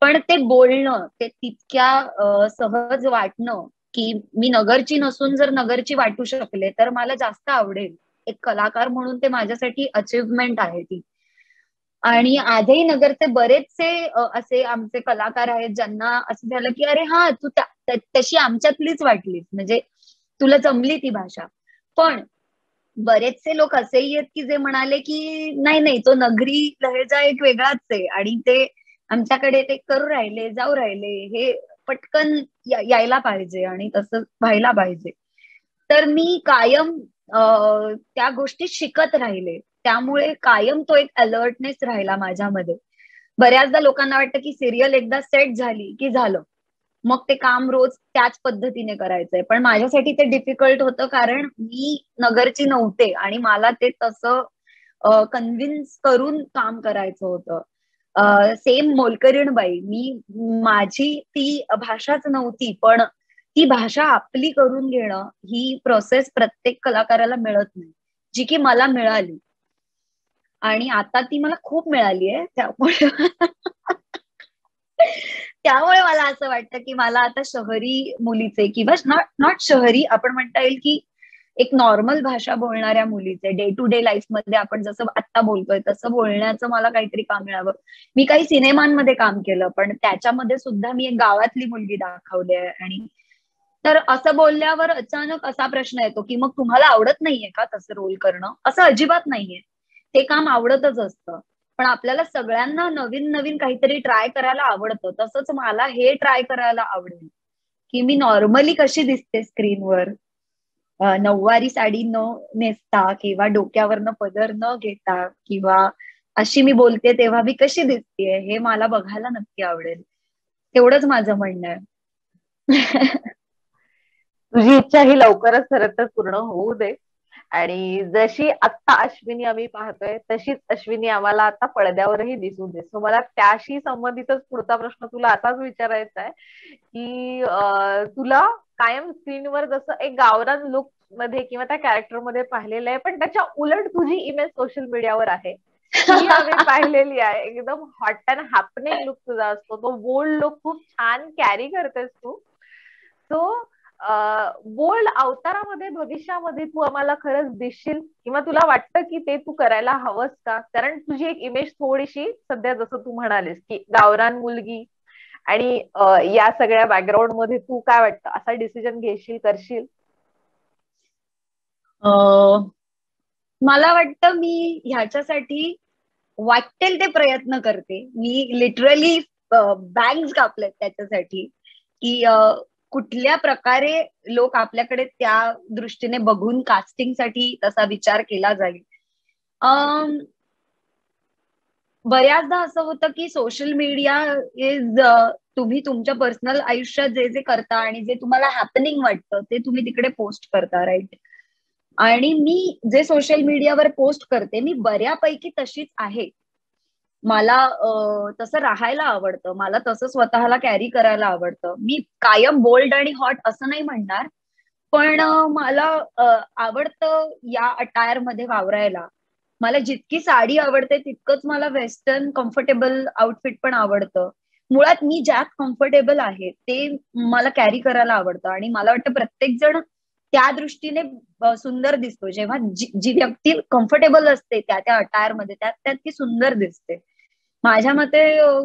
पण ते बोलणं ते तितक्या सहज वाटणं की मी नगरची नसून जर नगरची वाटू शकले तर मला जास्त आवडेल एक कलाकार म्हणून ते माझ्यासाठी अचीवमेंट आहे ती आणि आजही नगरचे बरेचसे असे आमचे कलाकार आहेत ज्यांना असं झालं की अरे हा तू तशी आमच्यातलीच वाटलीस म्हणजे तुला जमली ती भाषा पण बरेचसे लोक असेही आहेत की जे म्हणाले की नाही नाही तो नगरी लहेजा एक वेगळाच आहे आणि ते आमच्याकडे ते करू राहिले जाऊ राहिले हे पटकन यायला पाहिजे आणि तसं व्हायला पाहिजे तर मी कायम त्या गोष्टी शिकत राहिले त्यामुळे कायम तो एक अलर्टनेस राहिला माझ्यामध्ये बऱ्याचदा लोकांना वाटतं की सिरियल एकदा सेट झाली की झालं मग ते काम रोज त्याच पद्धतीने करायचंय पण माझ्यासाठी ते डिफिकल्ट होतं कारण मी नगरची नव्हते आणि मला ते तसं कन्व्हिन्स करून काम करायचं होतं सेम मोलकरीण बाई मी माझी ती भाषाच नव्हती पण ती भाषा आपली करून घेणं ही प्रोसेस प्रत्येक कलाकाराला मिळत नाही जी की मला मिळाली आणि आता ती मला खूप मिळाली आहे त्यामुळे त्यामुळे मला असं वाटतं की मला आता शहरी मुलीचे किंवा नॉट नॉट शहरी आपण म्हणता येईल की एक नॉर्मल भाषा बोलणाऱ्या मुलीचे डे टू डे लाईफ मध्ये आपण जसं आता बोलतोय तसं बोलण्याचं मला काहीतरी काम मिळावं मी काही सिनेमांमध्ये काम केलं पण त्याच्यामध्ये सुद्धा मी एक गावातली मुलगी दाखवली आहे आणि तर असं बोलल्यावर अचानक असा प्रश्न येतो की मग तुम्हाला आवडत नाहीये का तसं रोल करणं असं अजिबात नाहीये ते काम आवडतच असतं पण आपल्याला सगळ्यांना नवीन नवीन काहीतरी ट्राय करायला आवडतं तसंच मला हे ट्राय करायला आवडेल की मी नॉर्मली कशी दिसते स्क्रीनवर नऊवारी साडी न नेसता किंवा डोक्यावरनं पदर न घेता किंवा अशी मी बोलते तेव्हा मी कशी दिसते हे मला बघायला नक्की आवडेल तेवढंच माझं म्हणणं आहे तुझी इच्छा ही लवकरच खरं तर पूर्ण होऊ दे आणि जशी आत्ता अश्विनी आम्ही पाहतोय तशीच अश्विनी आम्हाला आता पडद्यावरही दिसून दे सो मला त्याशी संबंधितच पुढचा प्रश्न तुला आताच विचारायचा आहे की तुला कायम स्क्रीनवर जसं एक गावरान लुक मध्ये किंवा त्या कॅरेक्टर मध्ये पाहिलेलं आहे पण त्याच्या उलट तुझी इमेज सोशल मीडियावर आहे पाहिलेली आहे एकदम हॉट अँड हॅपनिंग लुक तुझा असतो तो बोल्ड लुक खूप छान कॅरी करतेस तू सो बोल्ड अवतारामध्ये भविष्यामध्ये तू आम्हाला खरंच दिसशील किंवा तुला वाटतं की ते तू करायला हवंस का कारण तुझी एक इमेज थोडीशी सध्या जसं तू म्हणालीस की गावरान मुलगी आणि या सगळ्या बॅकग्राऊंड मध्ये तू काय वाटतं असा डिसिजन घेशील करशील मला वाटतं मी ह्याच्यासाठी वाटेल ते प्रयत्न करते मी लिटरली बँग्स कापलेत त्याच्यासाठी की कुठल्या प्रकारे लोक आपल्याकडे त्या दृष्टीने बघून कास्टिंगसाठी तसा विचार केला जाईल बऱ्याचदा असं होतं की सोशल मीडिया इज तुम्ही तुमच्या पर्सनल आयुष्यात जे जे करता आणि जे तुम्हाला हॅपनिंग वाटतं ते तुम्ही तिकडे पोस्ट करता राईट आणि मी जे सोशल मीडियावर पोस्ट करते मी बऱ्यापैकी तशीच आहे मला तसं राहायला आवडतं मला तसं स्वतःला कॅरी करायला आवडतं मी कायम बोल्ड आणि हॉट असं नाही म्हणणार पण मला आवडतं या अटायर मध्ये वावरायला मला जितकी साडी आवडते तितकंच मला वेस्टर्न कम्फर्टेबल आउटफिट पण आवडतं मुळात मी ज्यात कम्फर्टेबल आहे ते मला कॅरी करायला आवडतं आणि मला वाटतं प्रत्येक जण त्या दृष्टीने सुंदर दिसतो जेव्हा जी व्यक्ती कम्फर्टेबल असते त्या त्या अटायरमध्ये त्यात त्यात ती सुंदर दिसते माझ्या मते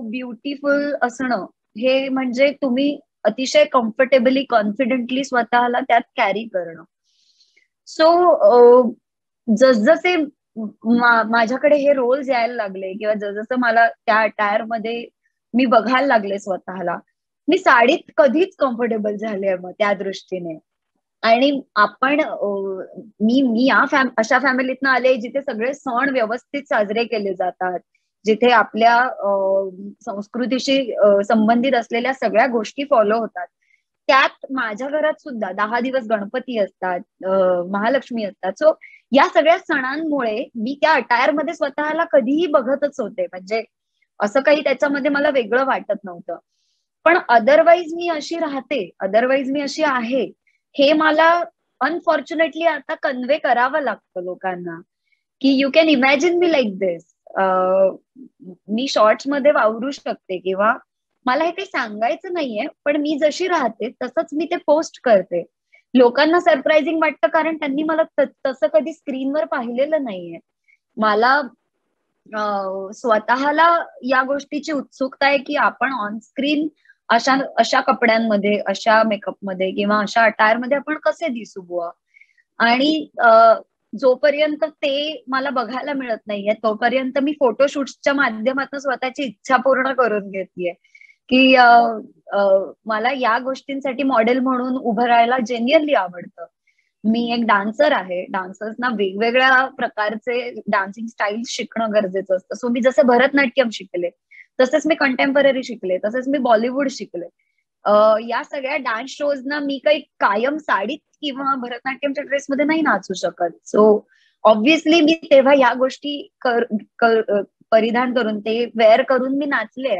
ब्युटिफुल असणं हे म्हणजे तुम्ही अतिशय कम्फर्टेबली कॉन्फिडेंटली स्वतःला त्यात कॅरी करणं सो जसजसे माझ्याकडे हे रोल्स यायला लागले किंवा जसजसं मला त्या अटायर मध्ये मी बघायला लागले स्वतःला मी साडीत कधीच कम्फर्टेबल झाले मग त्या दृष्टीने आणि आपण मी मी या फॅम अशा फॅमिलीतनं आले जिथे सगळे सण व्यवस्थित साजरे केले जातात जिथे आपल्या संस्कृतीशी संबंधित असलेल्या सगळ्या गोष्टी फॉलो होतात त्यात माझ्या घरात सुद्धा दहा दिवस गणपती असतात महालक्ष्मी असतात सो या सगळ्या सणांमुळे मी त्या अटायरमध्ये स्वतःला कधीही बघतच होते म्हणजे असं काही त्याच्यामध्ये मला वेगळं वाटत नव्हतं पण अदरवाईज मी अशी राहते अदरवाईज मी अशी आहे हे मला अनफॉर्च्युनेटली आता कन्व्हे करावं लागतं लोकांना की यू कॅन इमॅजिन मी लाईक दिस मी शॉर्ट्स मध्ये वावरू शकते किंवा मला हे काही सांगायचं नाहीये पण मी जशी राहते तसंच मी ते पोस्ट करते लोकांना सरप्राइझिंग वाटतं कारण त्यांनी मला तसं कधी स्क्रीनवर पाहिलेलं नाहीये मला स्वतःला या गोष्टीची उत्सुकता आहे की आपण ऑन स्क्रीन अशा अशा कपड्यांमध्ये अशा मेकअपमध्ये किंवा अशा अटायरमध्ये आपण कसे दिसू बुवा आणि जोपर्यंत ते मला बघायला मिळत नाहीये तोपर्यंत मी फोटोशूटच्या माध्यमातून स्वतःची इच्छा पूर्ण करून घेतलीये की मला या गोष्टींसाठी मॉडेल म्हणून उभं राहायला जेन्युअनली आवडतं मी एक डान्सर आहे डान्सर्सना वेगवेगळ्या प्रकारचे डान्सिंग स्टाईल शिकणं गरजेचं असतं सो मी जसं भरतनाट्यम शिकले तसेच मी कंटेम्पररी शिकले तसेच मी बॉलिवूड शिकले या सगळ्या डान्स शोज ना मी काही कायम साडीत किंवा भरतनाट्यमच्या ड्रेसमध्ये नाही नाचू शकत सो ऑब्विसली मी तेव्हा या गोष्टी कर, परिधान करून ते वेअर करून मी नाचले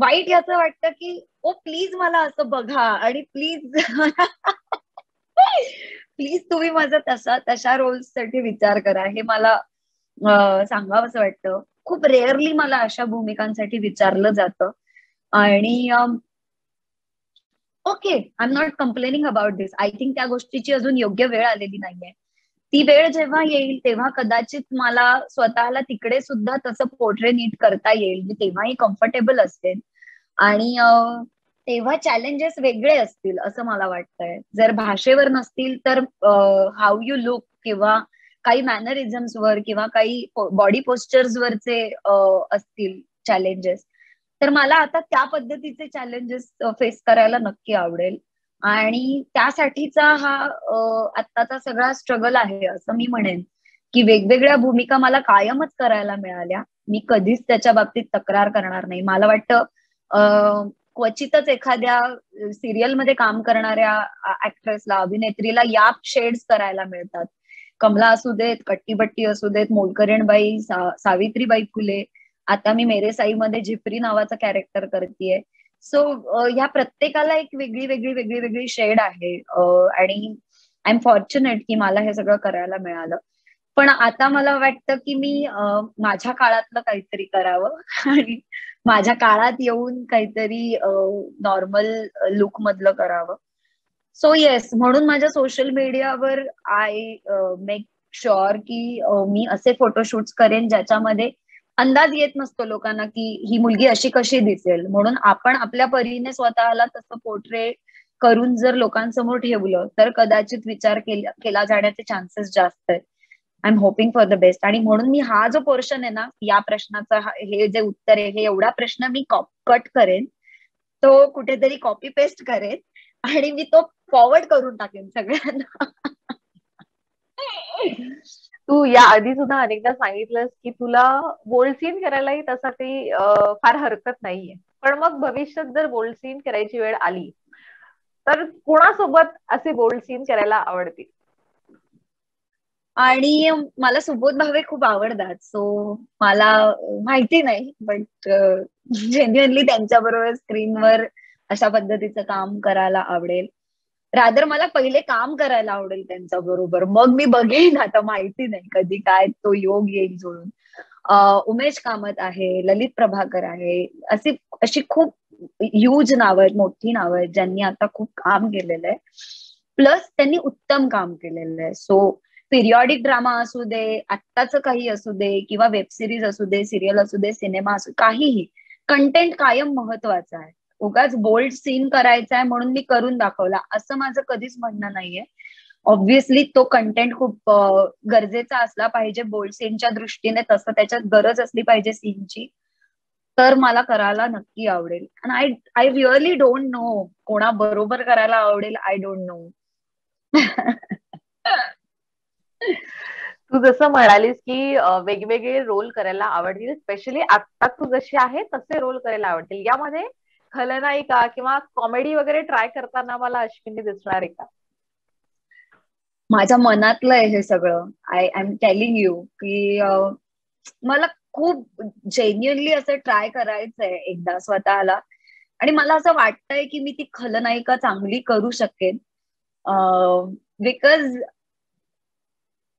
वाईट याचं वाटतं की ओ प्लीज मला असं बघा आणि प्लीज प्लीज तुम्ही माझा तसा तशा साठी विचार करा हे मला सांगावं असं वाटतं खूप रेअरली मला अशा भूमिकांसाठी विचारलं जातं आणि okay I am not complaining about this I think त्या गोष्टीची अजून योग्य वेळ आलेली नाहीये ती वेळ जेव्हा येईल तेव्हा कदाचित मला स्वतःला तिकडे सुद्धा तसं पोर्ट्रे नीट करता येईल मी तेव्हाही कम्फर्टेबल असेल आणि तेव्हा चॅलेंजेस वेगळे असतील असं मला वाटतंय जर भाषेवर नसतील तर हाऊ यू लुक किंवा काही मॅनरिझम्सवर किंवा काही बॉडी वरचे असतील चॅलेंजेस तर मला आता त्या पद्धतीचे चॅलेंजेस फेस करायला नक्की आवडेल आणि त्यासाठीचा हा आत्ताचा सगळा स्ट्रगल आहे असं मी म्हणेन की वेगवेगळ्या भूमिका मला कायमच करायला मिळाल्या मी कधीच त्याच्या बाबतीत तक्रार करणार नाही मला वाटतं क्वचितच एखाद्या सिरियलमध्ये काम करणाऱ्या ऍक्ट्रेसला अभिनेत्रीला या शेड्स करायला मिळतात कमला असू देत कट्टीबट्टी असू देत मोलकरणबाई सा, सावित्रीबाई फुले आता मी मेरे साईमध्ये झिपरी नावाचं कॅरेक्टर करतेय सो ह्या प्रत्येकाला एक वेगळी वेगळी वेगळी वेगळी शेड आहे आणि आय एम फॉर्च्युनेट की मला हे सगळं करायला मिळालं पण आता मला वाटतं की मी माझ्या काळातलं काहीतरी करावं आणि माझ्या काळात येऊन काहीतरी नॉर्मल लुक मधलं करावं सो येस म्हणून माझ्या सोशल मीडियावर आय मेक शुअर की मी असे फोटोशूट करेन ज्याच्यामध्ये अंदाज येत नसतो लोकांना की ही मुलगी अशी कशी दिसेल म्हणून आपण आपल्या परीने स्वतःला तसं पोर्ट्रेट करून जर लोकांसमोर ठेवलं तर कदाचित विचार केला जाण्याचे चान्सेस जास्त आहेत I am hoping for the best आणि म्हणून मी हा जो पोर्शन आहे ना या प्रश्नाचा हे जे उत्तर आहे हे एवढा प्रश्न मी कट करेन तो कुठेतरी कॉपी पेस्ट करेन आणि मी तो फॉरवर्ड करून टाकेन सगळ्यांना तू या आधी सुद्धा अनेकदा सांगितलंस की तुला बोलसीन करायलाही तसा काही फार हरकत नाहीये पण मग भविष्यात जर सीन करायची वेळ आली तर कोणासोबत असे सीन करायला आवडतील आणि मला सुबोध भावे खूप आवडतात सो मला माहिती नाही बट जेन्युअनली त्यांच्याबरोबर स्क्रीनवर अशा पद्धतीचं काम करायला आवडेल रादर मला पहिले काम करायला आवडेल त्यांच्या बरोबर मग मी बघेन आता माहिती नाही कधी काय तो योग येईल जुळून उमेश कामत आहे ललित प्रभाकर आहे अशी अशी खूप ह्यूज नावं आहेत मोठी नावं आहेत ज्यांनी आता खूप काम केलेलं आहे प्लस त्यांनी उत्तम काम केलेलं आहे सो पिरियॉडिक ड्रामा असू दे आत्ताचं काही असू दे किंवा वेब सिरीज असू दे सिरियल असू दे सिनेमा असू काहीही कंटेंट कायम महत्वाचा आहे उगाच बोल्ड सीन करायचा आहे म्हणून मी करून दाखवला असं माझं कधीच म्हणणं नाहीये ऑब्व्हियसली तो कंटेंट खूप गरजेचा असला पाहिजे बोल्ड सीनच्या दृष्टीने तसं त्याच्यात गरज असली पाहिजे सीनची तर मला करायला नक्की आवडेल आणि I I really don't know कोणा बरोबर करायला आवडेल आय डोंट नो तू जसं म्हणालीस की वेगवेगळे रोल करायला आवडतील स्पेशली आता तू जशी आहे तसे रोल करायला आवडतील यामध्ये खलनायिका किंवा कॉमेडी वगैरे ट्राय करताना मला अश्विनी दिसणार आहे का माझ्या मनातलं आहे हे सगळं I I am telling you की मला खूप जेन्युअनली असं ट्राय करायचंय एकदा स्वतःला आणि मला असं वाटतंय की मी ती खलनायिका चांगली करू शकेन बिकॉज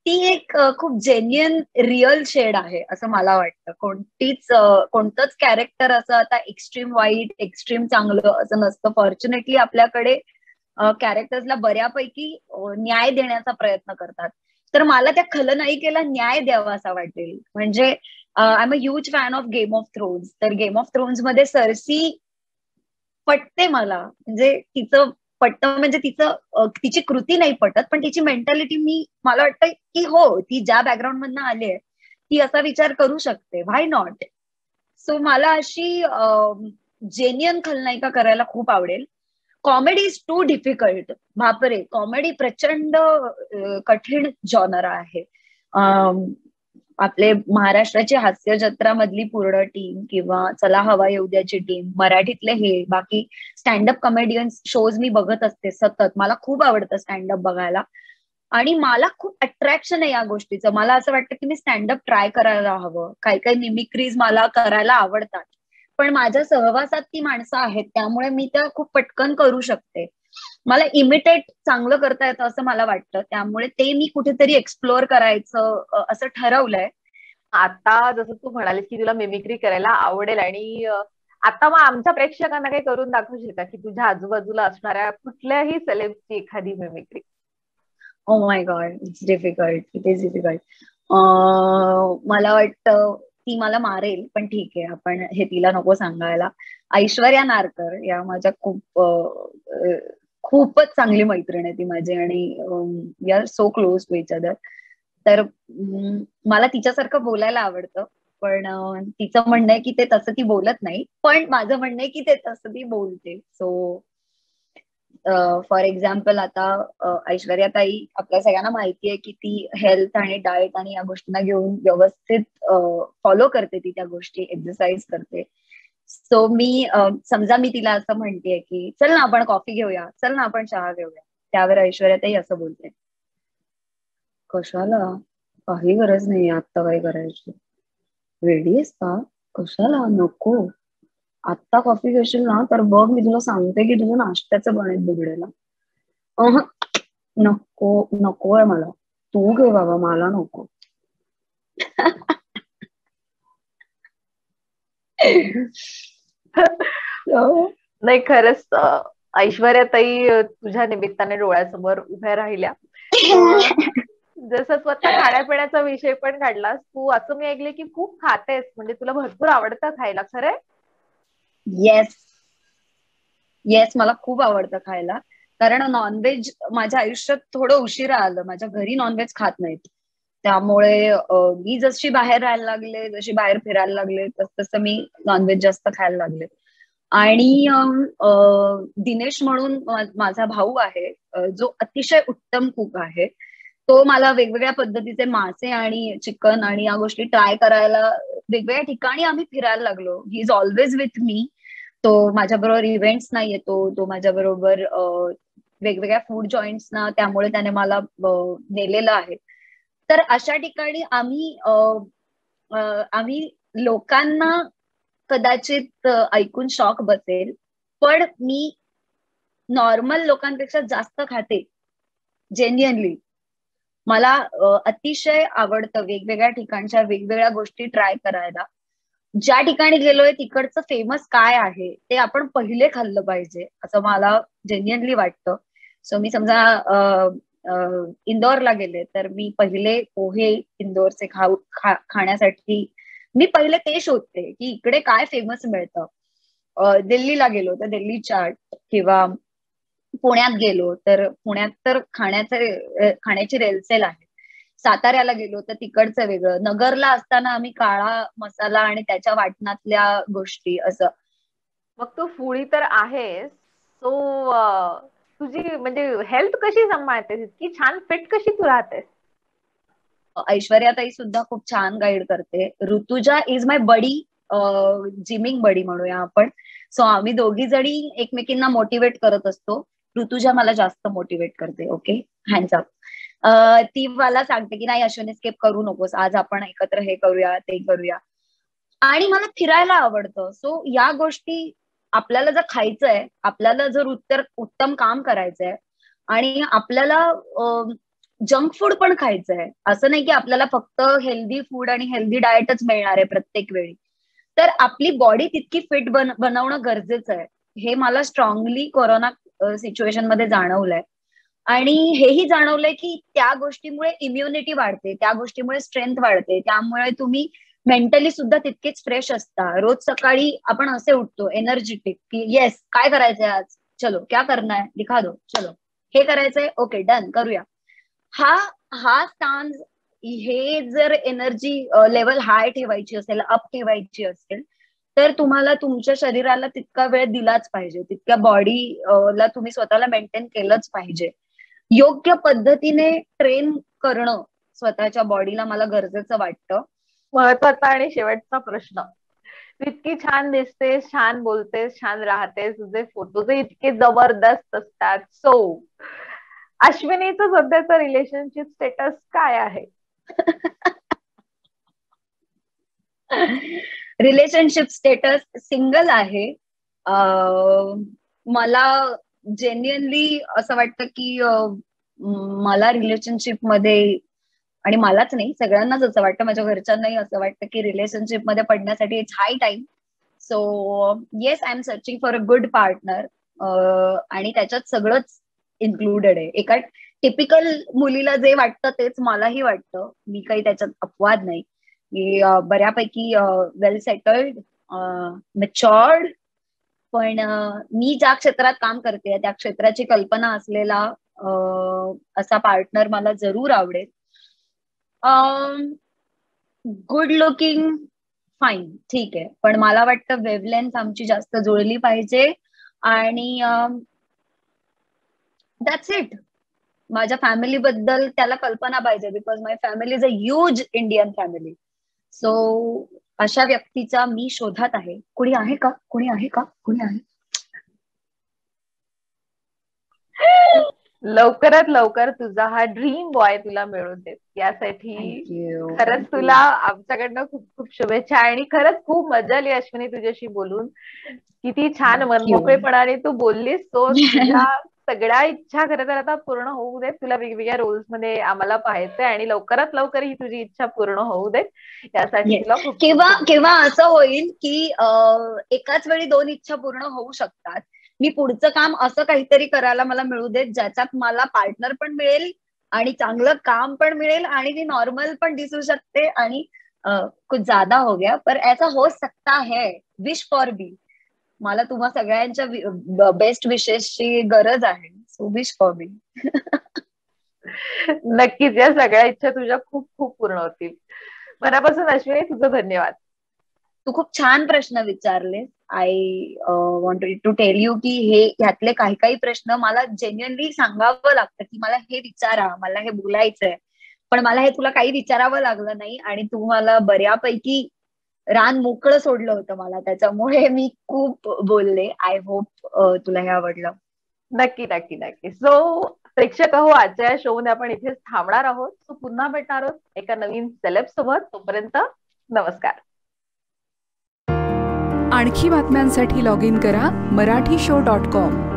ती एक खूप जेन्युन रिअल शेड आहे असं मला वाटतं कोणतीच कोणतंच कॅरेक्टर असं आता एक्स्ट्रीम वाईट एक्स्ट्रीम चांगलं असं नसतं फॉर्च्युनेटली आपल्याकडे कॅरेक्टर्सला बऱ्यापैकी न्याय देण्याचा प्रयत्न करतात तर मला त्या खलनायिकेला न्याय द्यावा असा वाटेल म्हणजे I am a huge fan of Game of Thrones तर गेम ऑफ थ्रोन्स मध्ये सरसी पटते मला म्हणजे तिचं पटत म्हणजे तिचं तिची कृती नाही पटत पण तिची मेंटॅलिटी मी मला वाटतं की हो ती ज्या बॅकग्राऊंड मधनं आली आहे ती असा विचार करू शकते व्हाय नॉट सो मला अशी जेन्युअन खलनायिका करायला खूप आवडेल कॉमेडी इज टू डिफिकल्ट बापरे कॉमेडी प्रचंड कठीण जॉनर आहे आपले महाराष्ट्राची हास्य जत्रा मधली पूर्ण टीम किंवा चला हवा येऊ द्याची टीम मराठीतले हे बाकी स्टँडअप कॉमेडियन्स शोज मी बघत असते सतत मला खूप आवडतं स्टँडअप बघायला आणि मला खूप अट्रॅक्शन आहे या गोष्टीचं मला असं वाटतं की मी स्टँडअप ट्राय करायला हवं काही काही मिमिक्रीज मला करायला आवडतात पण माझ्या सहवासात ती माणसं आहेत त्यामुळे मी त्या खूप पटकन करू शकते मला इमिटेट चांगलं करता येतं असं मला वाटतं त्यामुळे ते मी कुठेतरी एक्सप्लोअर करायचं असं ठरवलंय आता जसं तू म्हणालीस की तुला मिमिक्री करायला आवडेल आणि आता मग आमच्या प्रेक्षकांना काही करून दाखवू शकता की तुझ्या आजूबाजूला असणाऱ्या कुठल्याही सेलेब्सची एखादी mimicry oh my God it's difficult it is difficult मला वाटतं ती मला मारेल पण ठीक आहे आपण हे तिला नको सांगायला ऐश्वर्या नारकर या माझ्या खूप खूपच चांगली मैत्रीण आहे ती माझी आणि we are so close to each other तर मला तिच्यासारखं बोलायला आवडतं पण तिचं म्हणणं आहे की ते तसं ती बोलत नाही पण माझं म्हणणं आहे की ते तसं ती बोलते सो फॉर एक्झाम्पल आता ऐश्वर्या ताई आपल्या सगळ्यांना माहिती आहे की ती हेल्थ आणि डाएट आणि या गोष्टींना घेऊन व्यवस्थित फॉलो करते ती त्या गोष्टी एक्सरसाइज करते सो मी समजा मी तिला असं म्हणतेय की चल ना आपण कॉफी घेऊया चल ना आपण चहा घेऊया त्यावर ऐश्वर्यातही असं बोलते कशाला काही गरज नाही आत्ता काही करायची रेडी आहेस का कशाला नको आत्ता कॉफी घेशील ना तर बघ मी तुला सांगते की तुझं नाश्त्याचं आहे बिघडेला नको नको आहे मला तू घे बाबा मला नको नाही खरंच ताई तुझ्या निमित्ताने डोळ्यासमोर उभ्या राहिल्या जसं स्वतः खाण्यापिण्याचा विषय पण काढलास तू असं मी ऐकले की खूप खातेस म्हणजे तुला भरपूर आवडतं खायला खरे येस येस मला खूप आवडतं खायला कारण नॉनव्हेज माझ्या आयुष्यात थोडं उशिरा आलं माझ्या घरी नॉनव्हेज खात नाहीत त्यामुळे मी जशी बाहेर राहायला लागले जशी बाहेर फिरायला लागले तस तसं मी नॉनव्हेज जास्त खायला लागले आणि दिनेश म्हणून माझा भाऊ आहे जो अतिशय उत्तम कुक आहे तो मला वेगवेगळ्या पद्धतीचे मासे आणि चिकन आणि या गोष्टी ट्राय करायला वेगवेगळ्या ठिकाणी आम्ही फिरायला लागलो he is always with me तो माझ्याबरोबर इव्हेंट्स नाही येतो तो माझ्याबरोबर वेगवेगळ्या फूड जॉईंट्सना त्यामुळे त्याने मला नेलेलं आहे तर अशा ठिकाणी आम्ही आम्ही लोकांना कदाचित ऐकून शॉक बसेल पण मी नॉर्मल लोकांपेक्षा जास्त खाते जेन्युअनली मला अतिशय आवडतं वेगवेगळ्या ठिकाणच्या वेगवेगळ्या गोष्टी ट्राय करायला ज्या ठिकाणी गेलोय तिकडचं फेमस काय आहे ते आपण पहिले खाल्लं पाहिजे असं मला जेन्युअनली वाटतं सो मी समजा इंदोरला गेले तर मी पहिले पोहे इंदोरचे खाऊ खा खाण्यासाठी मी पहिले ते शोधते की इकडे काय फेमस मिळतं दिल्लीला गेलो तर दिल्ली चाट किंवा पुण्यात गेलो तर पुण्यात तर खाण्याचे खाण्याची रेलसेल आहे साताऱ्याला गेलो तर तिकडचं वेगळं नगरला असताना आम्ही काळा मसाला आणि त्याच्या वाटणातल्या गोष्टी असं मग तू फुळी तर आहेस सो तुझी म्हणजे हेल्थ कशी सांभाळतेस इतकी छान फिट कशी तू राहतेस ऐश्वर्या ताई सुद्धा खूप छान गाईड करते Rutuja is my buddy gymming buddy म्हणूया आपण सो आम्ही दोघी जणी एकमेकींना मोटिवेट करत असतो ऋतुजा मला जास्त मोटिवेट करते ओके हँड्स अप ती मला सांगते की नाही अश्विनी स्केप करू नकोस आज आपण एकत्र हे करूया ते करूया आणि मला फिरायला आवडतं सो या गोष्टी आपल्याला जर खायचं आहे आपल्याला जर उत्तर उत्तम काम करायचंय आणि आपल्याला जंक फूड पण खायचंय असं नाही की आपल्याला फक्त हेल्दी फूड आणि हेल्दी डाएटच मिळणार आहे प्रत्येक वेळी तर आपली बॉडी तितकी फिट बन बनवणं गरजेचं आहे हे मला स्ट्रॉंगली कोरोना सिच्युएशन मध्ये जाणवलंय आणि हेही जाणवलंय की त्या गोष्टीमुळे इम्युनिटी वाढते त्या गोष्टीमुळे स्ट्रेंथ वाढते त्यामुळे तुम्ही मेंटली सुद्धा तितकेच फ्रेश असतात रोज सकाळी आपण असे उठतो एनर्जेटिक की येस काय करायचंय आज चलो क्या करणार आहे दिखा दो चलो हे करायचंय ओके डन करूया हा हा स्थान हे जर एनर्जी लेवल हाय ठेवायची असेल अप ठेवायची असेल तर तुम्हाला तुमच्या शरीराला तितका वेळ दिलाच पाहिजे तितक्या बॉडी ला तुम्ही स्वतःला मेंटेन केलंच पाहिजे योग्य पद्धतीने ट्रेन करणं स्वतःच्या बॉडीला मला गरजेचं वाटतं महत्वाचा आणि शेवटचा प्रश्न इतकी छान दिसतेस छान बोलतेस छान राहतेस तुझे फोटोज इतके जबरदस्त असतात सो अश्विनीचं सध्याचं रिलेशनशिप स्टेटस काय आहे रिलेशनशिप स्टेटस सिंगल आहे मला जेन्युअनली असं वाटतं की मला रिलेशनशिप मध्ये आणि मलाच नाही सगळ्यांनाच असं वाटतं माझ्या घरच्यांनाही असं वाटतं की रिलेशनशिप मध्ये पडण्यासाठी it's high time so yes I am searching for a good partner आणि त्याच्यात सगळंच इन्क्लुडेड आहे एका टिपिकल मुलीला जे वाटतं तेच मलाही वाटतं मी काही त्याच्यात अपवाद नाही मी बऱ्यापैकी वेल सेटल्ड मेच्युअर्ड पण मी ज्या क्षेत्रात काम करते त्या क्षेत्राची कल्पना असलेला असा पार्टनर मला जरूर आवडेल गुड लुकिंग फाईन ठीक आहे पण मला वाटतं वेवलेन्थ आमची जास्त जुळली पाहिजे आणि दॅट्स um, इट माझ्या फॅमिली बद्दल त्याला कल्पना पाहिजे because my family is a huge Indian family so अशा व्यक्तीचा मी शोधात आहे कुणी आहे का कुणी आहे का कुणी आहे लवकरात लवकर तुझा हा ड्रीम बॉय तुला मिळून देत यासाठी खरंच तुला आमच्याकडनं खूप खूप शुभेच्छा आणि खरंच खूप मजा आली अश्विनी तुझ्याशी बोलून किती छान मनमोकळेपणाने तू बोललीस तो तुझ्या सगळ्या इच्छा खरं तर आता पूर्ण होऊ देत तुला वेगवेगळ्या रोल्स मध्ये आम्हाला पाहायचंय आणि लवकरात लवकर ही तुझी इच्छा पूर्ण होऊ देत यासाठी तुला किंवा किंवा असं होईल की एकाच वेळी दोन इच्छा पूर्ण होऊ शकतात मी पुढचं काम असं काहीतरी करायला मला मिळू देत ज्याच्यात मला पार्टनर पण मिळेल आणि चांगलं काम पण मिळेल आणि मी नॉर्मल पण दिसू शकते आणि कुछ ज्यादा हो गया पर ऐसा हो सकता है विश फॉर बी मला तुम्हा सगळ्यांच्या बेस्ट विशेषची गरज आहे सो विश फॉर बी नक्कीच या सगळ्या इच्छा तुझ्या खूप खूप पूर्ण होतील मनापासून अश्विनी तुझं धन्यवाद तू खूप छान प्रश्न विचारले I wanted to tell you की हे ह्यातले काही काही प्रश्न मला जेन्युअनली सांगावं लागतं की मला हे विचारा मला हे बोलायचंय पण मला हे तुला काही विचारावं लागलं नाही आणि तू मला बऱ्यापैकी रान मोकळं सोडलं होतं मला त्याच्यामुळे मी खूप बोलले आय होप uh, तुला हे आवडलं नक्की नक्की नक्की सो प्रेक्षक हो आजच्या या शोने आपण इथेच थांबणार आहोत सो पुन्हा भेटणार आहोत एका नवीन सेलेब सोबत तोपर्यंत नमस्कार आणखी बातम्यांसाठी लॉग इन करा मराठी शो डॉट कॉम